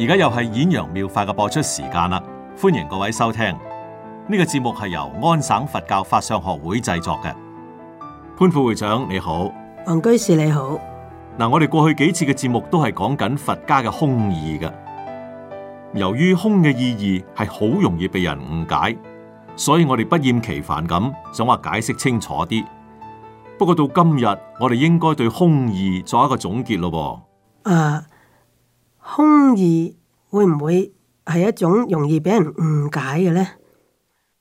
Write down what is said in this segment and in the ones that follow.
而家又係演揚妙法嘅播出時間啦，歡迎各位收聽呢個節目，係由安省佛教法相學會製作嘅。潘副會長你好，王居士你好。嗱，我哋過去幾次嘅節目都係講緊佛家嘅空義嘅。由於空嘅意義係好容易被人誤解，所以我哋不厭其煩咁想話解釋清楚啲。不過到今日，我哋應該對空義作一個總結咯噃。誒。Uh, 空義會唔會係一種容易俾人誤解嘅呢？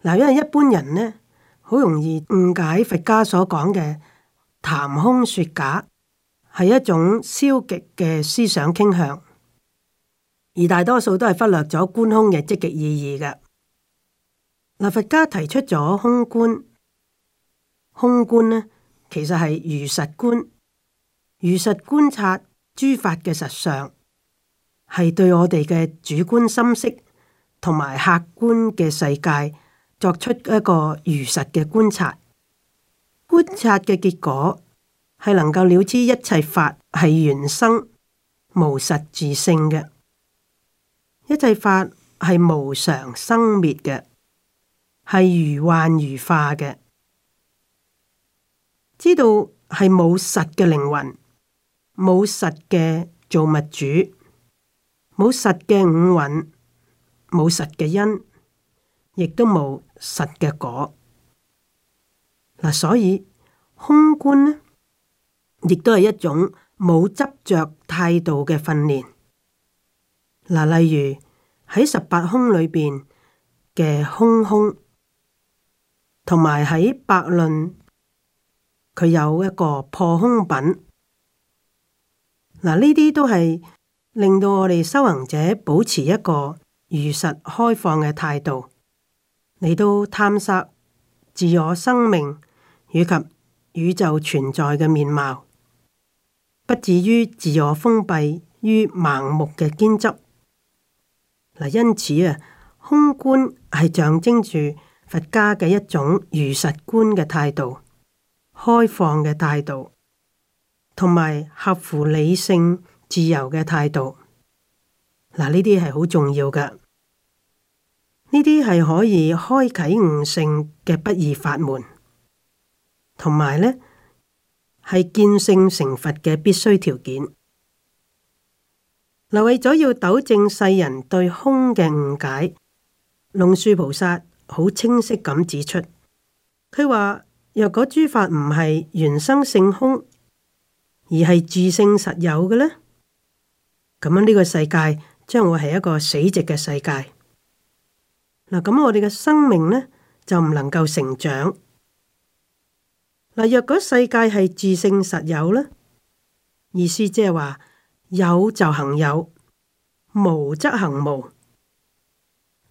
嗱，因為一般人呢，好容易誤解佛家所講嘅談空説假係一種消極嘅思想傾向，而大多數都係忽略咗觀空嘅積極意義嘅。嗱，佛家提出咗空觀，空觀呢，其實係如實觀，如實觀察諸法嘅實相。係對我哋嘅主觀心識同埋客觀嘅世界作出一個如實嘅觀察。觀察嘅結果係能夠了知一切法係緣生無實自性嘅，一切法係無常生滅嘅，係如幻如化嘅。知道係冇實嘅靈魂，冇實嘅造物主。冇實嘅五蘊，冇實嘅因，亦都冇實嘅果。嗱、啊，所以空觀咧，亦都係一種冇執着態度嘅訓練。嗱、啊，例如喺十八空裏邊嘅空空，同埋喺百論，佢有一個破空品。嗱、啊，呢啲都係。令到我哋修行者保持一個如實開放嘅態度，嚟到探索自我生命以及宇宙存在嘅面貌，不至於自我封閉於盲目嘅堅執。嗱，因此啊，空觀係象徵住佛家嘅一種如實觀嘅態度、開放嘅態度，同埋合乎理性，自由嘅態度，嗱，呢啲係好重要嘅。呢啲係可以開啟悟性嘅不二法門，同埋呢係見性成佛嘅必須條件。嗱，為咗要糾正世人對空嘅誤解，龍樹菩薩好清晰咁指出，佢話：若果諸法唔係原生性空，而係自性實有嘅呢。」咁樣呢個世界將會係一個死寂嘅世界。嗱，咁我哋嘅生命咧就唔能夠成長。嗱，若果世界係自性實有咧，意思即係話有就行有，無則行無，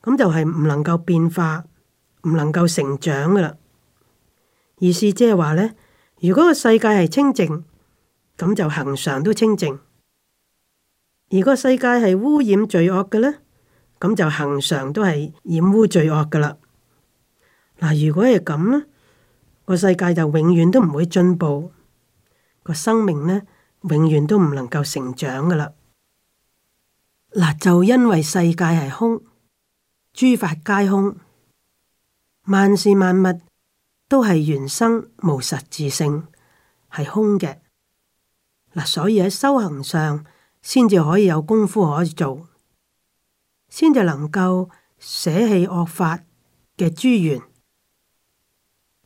咁就係唔能夠變化，唔能夠成長噶啦。意思即係話咧，如果個世界係清淨，咁就恆常都清淨。如果世界係污染罪惡嘅呢，咁就恒常都係染污罪惡噶啦。嗱，如果係咁呢，個世界就永遠都唔會進步，個生命呢永遠都唔能夠成長噶啦。嗱，就因為世界係空，諸法皆空，萬事萬物都係緣生無實質性，係空嘅。嗱，所以喺修行上，先至可以有功夫可以做，先至能夠捨棄惡法嘅諸緣，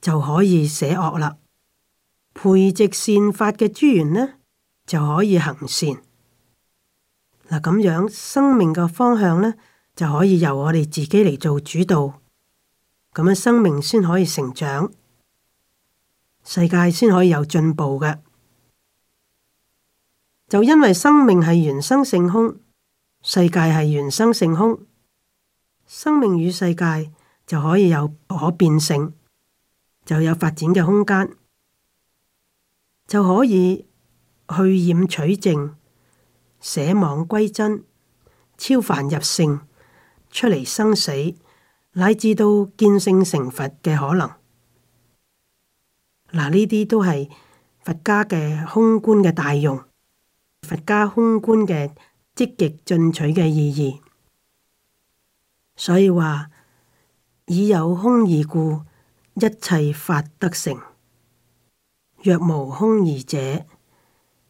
就可以捨惡啦。培植善法嘅諸緣呢，就可以行善。嗱，噉樣，生命嘅方向呢，就可以由我哋自己嚟做主導。噉樣生命先可以成長，世界先可以有進步㗎。就因為生命係原生性空，世界係原生性空，生命與世界就可以有可變性，就有發展嘅空間，就可以去染取淨，捨妄歸真，超凡入聖，出嚟生死，乃至到見性成佛嘅可能。嗱，呢啲都係佛家嘅空觀嘅大用。佛家空觀嘅積極進取嘅意義，所以話，以有空義故，一切法得成；若無空義者，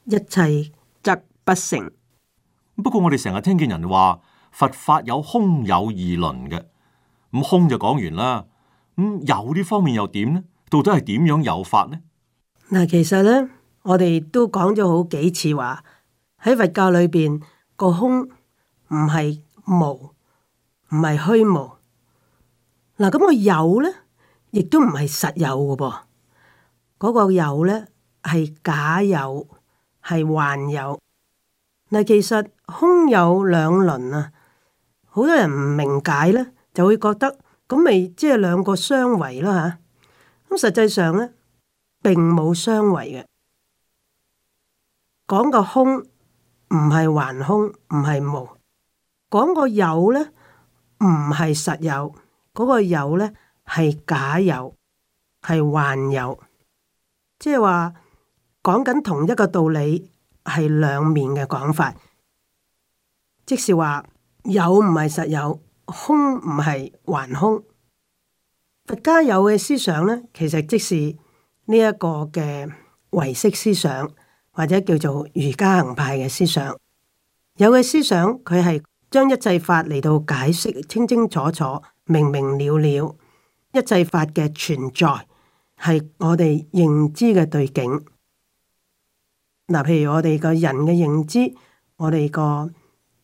一切則不成 。不過我哋成日聽見人話，佛法有空有二論嘅，咁空就講完啦。咁有呢方面又點呢？到底係點樣有法呢？嗱，其實咧，我哋都講咗好幾次話。喺佛教裏邊，個空唔係無，唔係虛無。嗱，咁個有呢，亦都唔係實有嘅噃。嗰個有呢，係假有，係幻有。嗱，其實空有兩輪啊。好多人唔明解呢，就會覺得咁咪即係兩個相違啦吓。咁實際上呢，並冇相違嘅。講個空。唔係頑空，唔係無。講個有呢，唔係實有，嗰、那個有呢，係假有，係幻有。即係話講緊同一個道理，係兩面嘅講法。即是話有唔係實有，空唔係頑空。佛家有嘅思想呢，其實即是呢一個嘅唯識思想。或者叫做瑜伽行派嘅思想，有嘅思想佢係將一切法嚟到解釋清清楚楚、明明了了，一切法嘅存在係我哋認知嘅對境。嗱，譬如我哋個人嘅認知，我哋個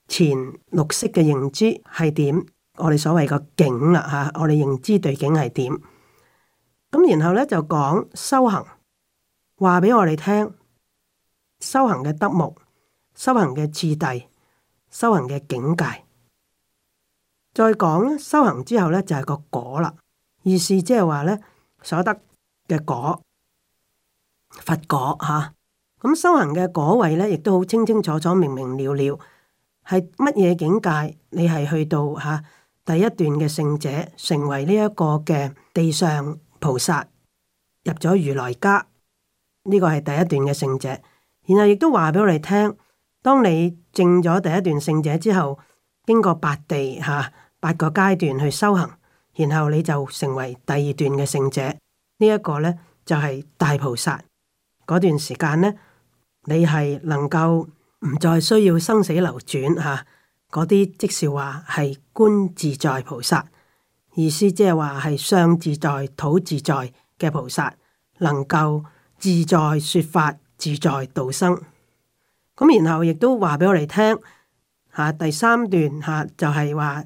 前六識嘅認知係點？我哋所謂個境啦吓，我哋認知對境係點？咁然後咧，就講修行，話俾我哋聽。修行嘅德目、修行嘅次第、修行嘅境界，再講修行之後咧就係個果啦，意思即係話咧所得嘅果，佛果吓，咁、啊、修行嘅果位咧亦都好清清楚楚、明明了了，係乜嘢境界？你係去到吓、啊、第一段嘅聖者，成為呢一個嘅地上菩薩，入咗如來家，呢、呢個係第一段嘅聖者。然後亦都話俾我哋聽，當你證咗第一段聖者之後，經過八地嚇八個階段去修行，然後你就成為第二段嘅聖者。呢一個呢，就係大菩薩嗰段時間呢，你係能夠唔再需要生死流轉嚇。嗰啲即是話係觀自在菩薩，意思即係話係相自在、土自在嘅菩薩，能夠自在說法。自在度生，咁然後亦都話俾我哋聽，吓第三段吓就係話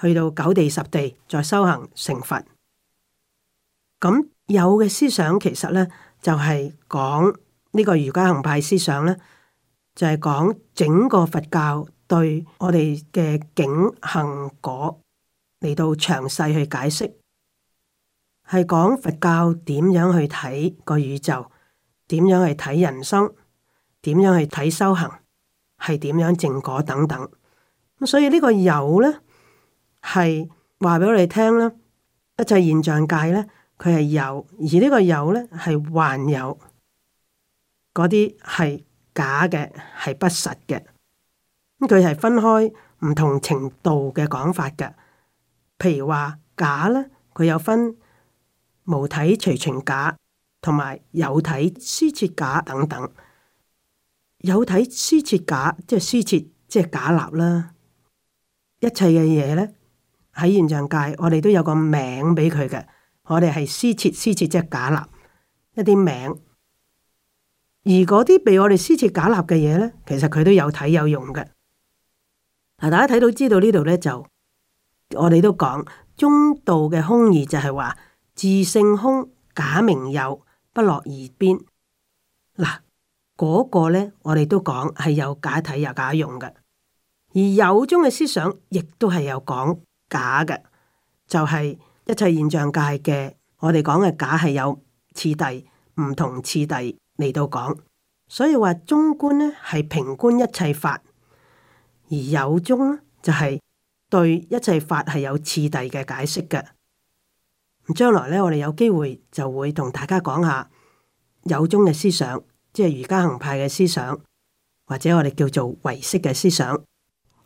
去到九地十地再修行成佛。咁有嘅思想其實呢，就係、是、講呢個瑜伽行派思想呢就係、是、講整個佛教對我哋嘅境、行、果嚟到詳細去解釋，係講佛教點樣去睇個宇宙，點樣去睇人生？點樣去睇修行？係點樣正果等等？咁所以呢個有呢，係話俾我哋聽啦。一切現象界呢，佢係有，而呢個有呢，係幻有，嗰啲係假嘅，係不實嘅。咁佢係分開唔同程度嘅講法嘅。譬如話假呢，佢有分無體隨情假。同埋有體施設假等等，有體施設假，即係施設，即係假立啦。一切嘅嘢咧，喺現象界，我哋都有個名俾佢嘅。我哋係施設、施設，即係假立，一啲名。而嗰啲被我哋施設假立嘅嘢咧，其實佢都有體有用嘅。嗱，大家睇到知道呢度咧，就我哋都講中道嘅空義就，就係話自性空，假名有。不落二邊嗱，嗰、那個呢，我哋都講係有假體有假用嘅，而有宗嘅思想亦都係有講假嘅，就係、是、一切現象界嘅，我哋講嘅假係有次第，唔同次第嚟到講，所以話中觀呢係平觀一切法，而有宗就係、是、對一切法係有次第嘅解釋嘅。將來咧，我哋有機會就會同大家講下有宗嘅思想，即係瑜伽行派嘅思想，或者我哋叫做唯識嘅思想。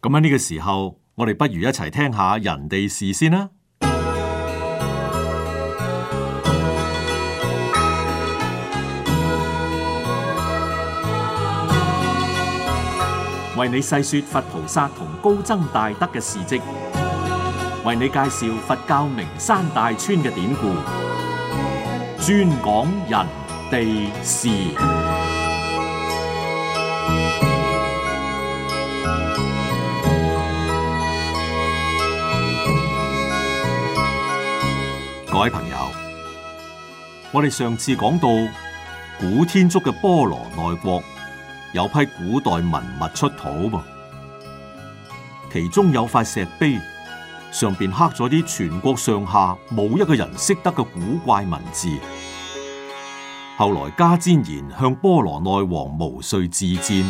咁喺呢個時候，我哋不如一齊聽下人哋事先啦。為你細說佛菩薩同高僧大德嘅事跡。為你介紹佛教名山大川嘅典故，專講人地事。各位朋友，我哋上次講到古天竺嘅波羅奈國，有批古代文物出土噃，其中有塊石碑。上邊刻咗啲全國上下冇一個人識得嘅古怪文字。後來迦旃延向波羅奈王毛遂自薦，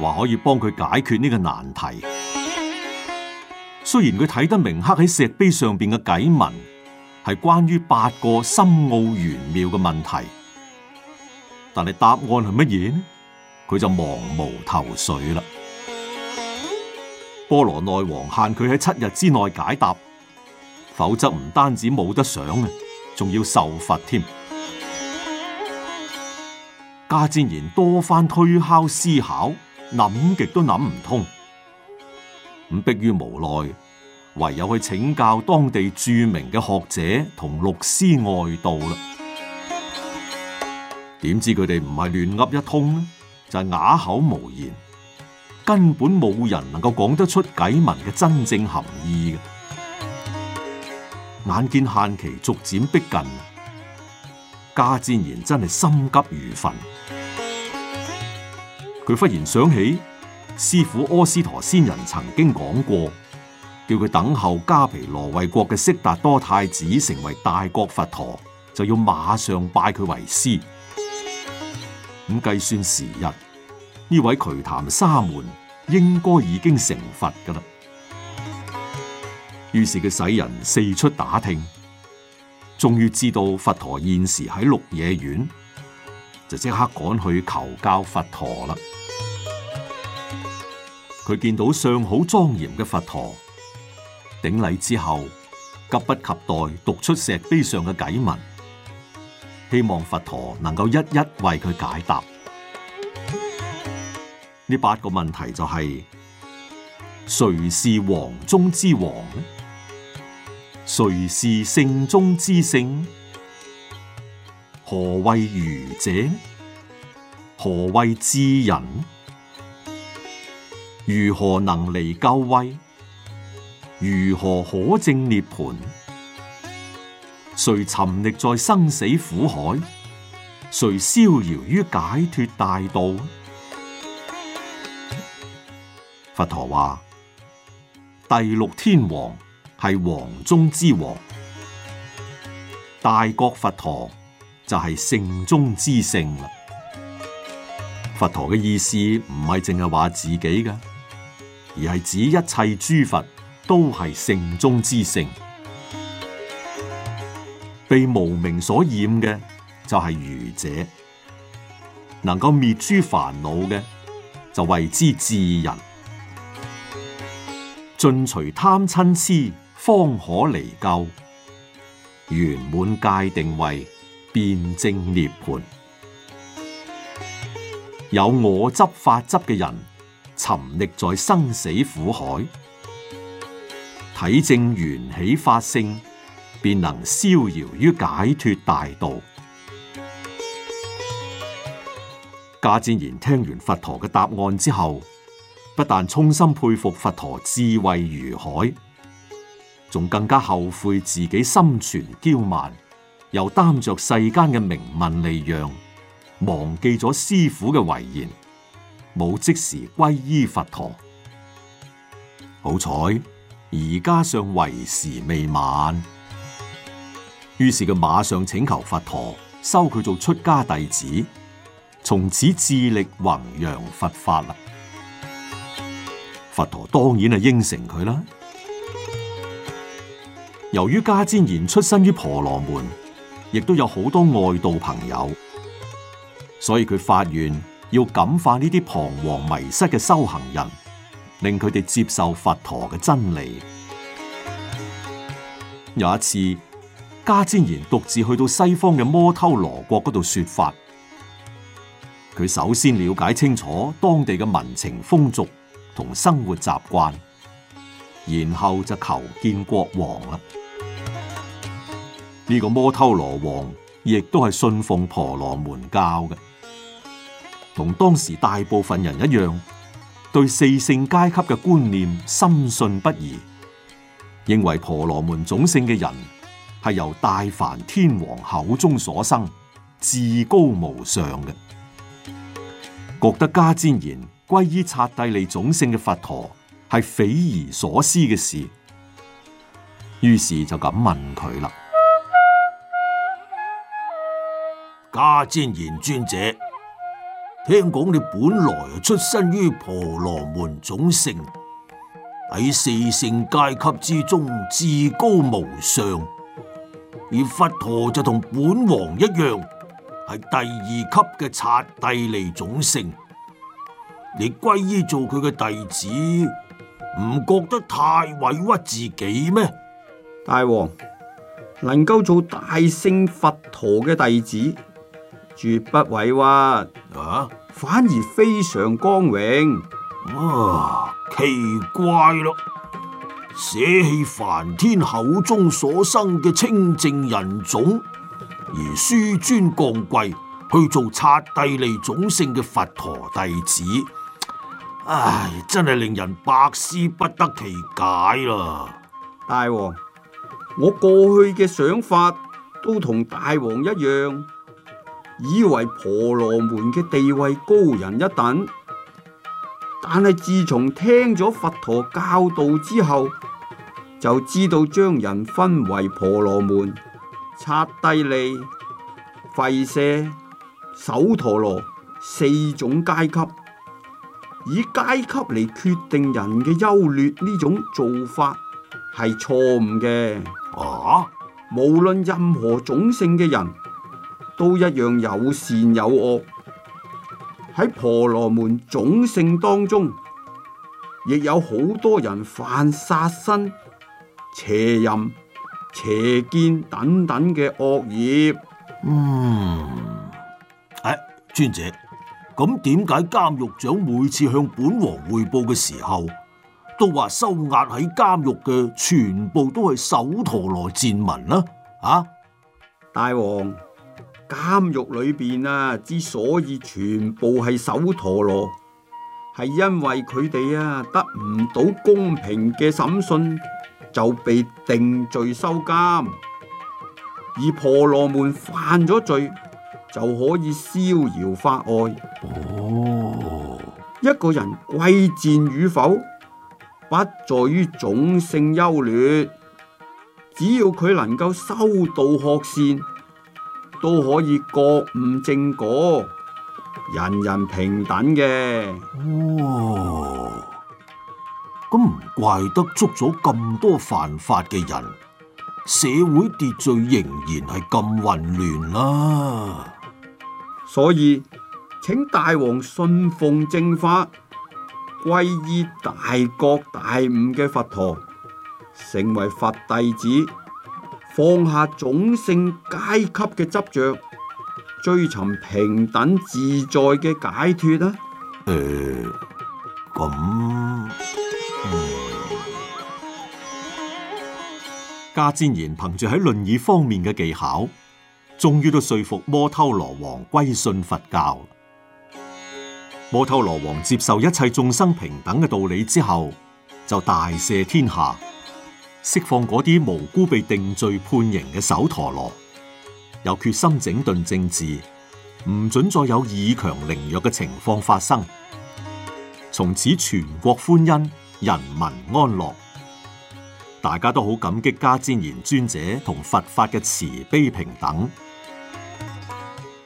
話可以幫佢解決呢個難題。雖然佢睇得明刻喺石碑上邊嘅偈文，係關於八個深奧玄妙嘅問題，但係答案係乜嘢呢？佢就茫無頭緒啦。波羅內王限佢喺七日之內解答，否則唔單止冇得上啊，仲要受罰添。迦旃延多番推敲思考，諗極都諗唔通，咁迫於無奈，唯有去請教當地著名嘅學者同六師外道啦。點知佢哋唔係亂噏一通，呢就係啞口無言。根本冇人能夠講得出偈文嘅真正含義嘅。眼見限期逐漸逼近，迦旃延真係心急如焚。佢忽然想起師父阿斯陀仙人曾經講過，叫佢等候迦毗羅衛國嘅悉達多太子成為大國佛陀，就要馬上拜佢為師。咁計算時日。呢位瞿曇沙門應該已經成佛噶啦，於是佢使人四出打聽，終於知道佛陀現時喺鹿野苑，就即刻趕去求教佛陀啦。佢見到相好莊嚴嘅佛陀，頂禮之後急不及待讀出石碑上嘅偈文，希望佛陀能夠一一爲佢解答。呢八個問題就係、是：誰是王中之王呢？誰是聖中之聖？何謂愚者？何謂智人？如何能離救危？如何可證涅槃？誰沉溺在生死苦海？誰逍遙於解脱大道？佛陀話：第六天王係王中之王，大覺佛陀就係聖中之聖。佛陀嘅意思唔係淨係話自己㗎，而係指一切諸佛都係聖中之聖。被無明所染嘅就係愚者，能夠滅諸煩惱嘅就為之智人。盡除貪嗔癡，方可離救圓滿界定位，辯證涅槃。有我執法執嘅人，沉溺在生死苦海，體證緣起法性，便能逍遙於解脫大道。迦旃延聽完佛陀嘅答案之後。不但衷心佩服佛陀智慧如海，仲更加後悔自己心存憍慢，又擔着世間嘅名聞利養，忘記咗師父嘅遺言，冇即時歸依佛陀。好彩，而家尚為時未晚，於是佢馬上請求佛陀收佢做出家弟子，從此致力弘揚佛法。佛陀當然係應承佢啦。由於迦旃延出身於婆羅門，亦都有好多外道朋友，所以佢發願要感化呢啲彷徨迷失嘅修行人，令佢哋接受佛陀嘅真理。有一次，迦旃延獨自去到西方嘅摩偷羅國嗰度說法，佢首先了解清楚當地嘅民情風俗，同生活習慣，然後就求見國王啦。呢個摩偷羅王亦都係信奉婆羅門教嘅，同當時大部分人一樣，對四姓階級嘅觀念深信不疑，認為婆羅門種姓嘅人係由大梵天王口中所生，至高無上嘅。覺得迦旃延。皈依剎帝利種姓嘅佛陀係匪夷所思嘅事，於是就咁問佢啦：迦旃延尊者，聽講你本來出身於婆羅門種姓，喺四姓階級之中至高無上，而佛陀就同本王一樣，係第二級嘅剎帝利種姓。你歸依做佢嘅弟子，唔覺得太委屈自己咩？大王能夠做大聖佛陀嘅弟子，絕不委屈，啊、反而非常光榮。啊，奇怪咯！捨棄梵天口中所生嘅清淨人種，而紆尊降貴去做剎帝利種姓嘅佛陀弟子。唉，真係令人百思不得其解啦！大王，我過去嘅想法都同大王一樣，以為婆羅門嘅地位高人一等，但係自從聽咗佛陀教導之後，就知道將人分為婆羅門、剎帝利、吠舍、首陀羅四種階級。以階級嚟決定人嘅優劣呢種做法係錯誤嘅。啊，無論任何種姓嘅人都一樣有善有惡。喺婆羅門種姓當中，亦有好多人犯殺生、邪淫、邪見等等嘅惡業。嗯，誒、哎，尊者。咁點解監獄長每次向本王匯報嘅時候，都話收押喺監獄嘅全部都係首陀羅賤民呢？啊，大王，監獄裏邊啊，之所以全部係首陀羅，係因為佢哋啊得唔到公平嘅審訊，就被定罪收監，而婆羅門犯咗罪。就可以逍遙法外。哦，oh. 一個人貴賤與否，不在於種姓優劣，只要佢能夠修道學善，都可以覺悟正果，人人平等嘅。哦，咁唔怪得捉咗咁多犯法嘅人，社會秩序仍然係咁混亂啦。所以，請大王信奉正法，皈依大覺大悟嘅佛陀，成為佛弟子，放下種姓階級嘅執着，追尋平等自在嘅解脱啦。誒、呃，咁，嗯、迦旃延憑住喺論議方面嘅技巧。終於都說服摩偷羅王歸信佛教。摩偷羅王接受一切眾生平等嘅道理之後，就大赦天下，釋放嗰啲無辜被定罪判刑嘅首陀羅，又決心整頓政治，唔准再有以強凌弱嘅情況發生。從此全國歡欣，人民安樂，大家都好感激迦旃延尊者同佛法嘅慈悲平等。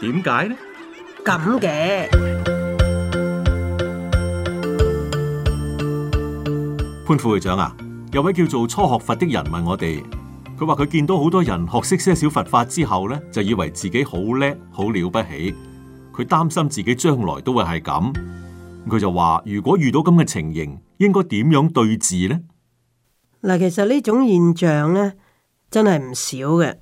點解呢？咁嘅，潘副會長啊，有位叫做初學佛的人問我哋，佢話佢見到好多人學識些少佛法之後呢，就以為自己好叻、好了不起，佢擔心自己將來都會係咁，佢就話如果遇到咁嘅情形，應該點樣對治呢？嗱，其實呢種現象呢，真係唔少嘅。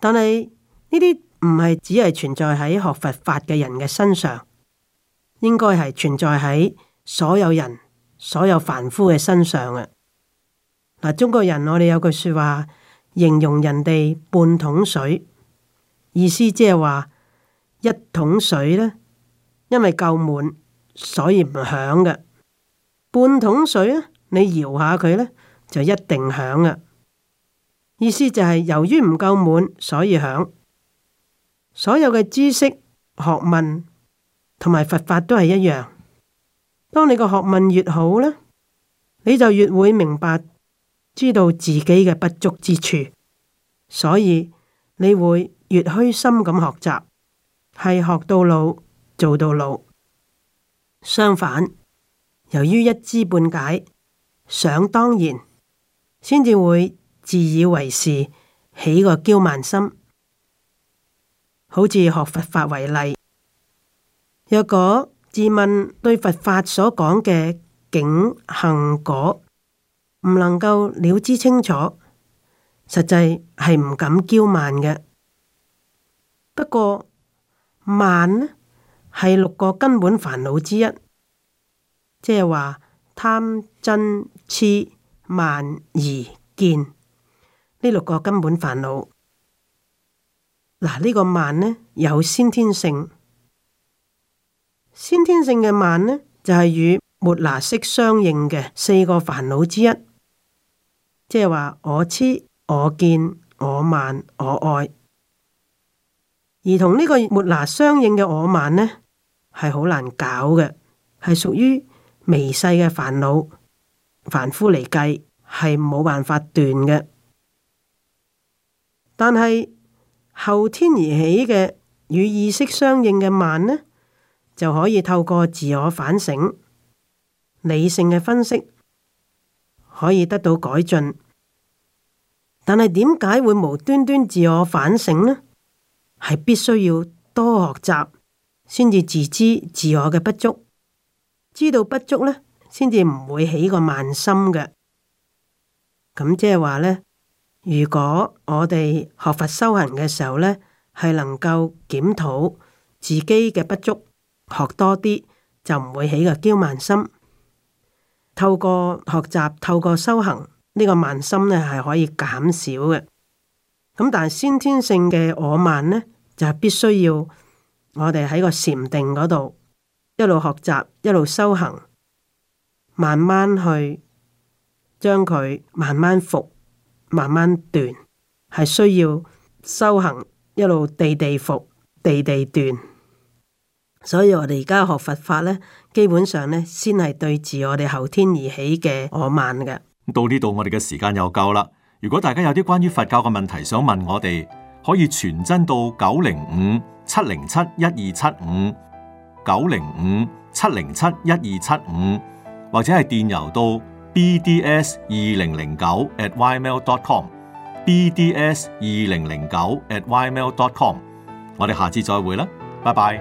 但係呢啲唔係只係存在喺學佛法嘅人嘅身上，應該係存在喺所有人、所有凡夫嘅身上啊！嗱，中國人我哋有句說話形容人哋半桶水，意思即係話一桶水呢，因為夠滿所以唔響嘅，半桶水呢，你搖下佢呢，就一定響啊！意思就係由於唔夠滿，所以響。所有嘅知識、學問同埋佛法都係一樣。當你個學問越好咧，你就越會明白知道自己嘅不足之處，所以你會越虛心咁學習，係學到老做到老。相反，由於一知半解、想當然，先至會。自以為是，起個憍慢心，好似學佛法為例。若果自問對佛法所講嘅境、行、果唔能夠了知清楚，實際係唔敢憍慢嘅。不過，慢呢係六個根本煩惱之一，即係話貪、嗔、痴、慢而見。呢六個根本煩惱，嗱、這、呢個慢呢有先天性，先天性嘅慢呢就係、是、與末那識相應嘅四個煩惱之一，即係話我痴、我見、我慢、我愛。而同呢個末那相應嘅我慢呢係好難搞嘅，係屬於微細嘅煩惱，凡夫嚟計係冇辦法斷嘅。但係後天而起嘅與意識相應嘅慢呢，就可以透過自我反省、理性嘅分析，可以得到改進。但係點解會無端端自我反省呢？係必須要多學習，先至自知自我嘅不足。知道不足呢，先至唔會起個慢心嘅。咁即係話呢。如果我哋學佛修行嘅時候呢，係能夠檢討自己嘅不足，學多啲就唔會起個驕慢心。透過學習、透過修行，呢、這個慢心呢係可以減少嘅。咁但係先天性嘅我慢呢，就係必須要我哋喺個禪定嗰度一路學習、一路修行，慢慢去將佢慢慢服。慢慢斷，係需要修行一路地地伏、地地斷，所以我哋而家學佛法咧，基本上咧先係對治我哋後天而起嘅我慢噶。到呢度我哋嘅時間又夠啦，如果大家有啲關於佛教嘅問題想問我哋，可以傳真到九零五七零七一二七五九零五七零七一二七五，75, 75, 或者係電郵到。bds 二零零九 atymail.com，bds 二零零九 atymail.com，我哋下次再會啦，拜拜。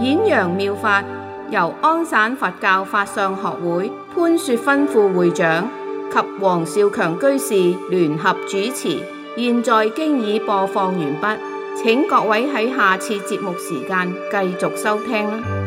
演揚妙法由安省佛教法相學會潘雪芬副會長及黃少強居士聯合主持，現在經已播放完畢。請各位喺下次節目時間繼續收聽。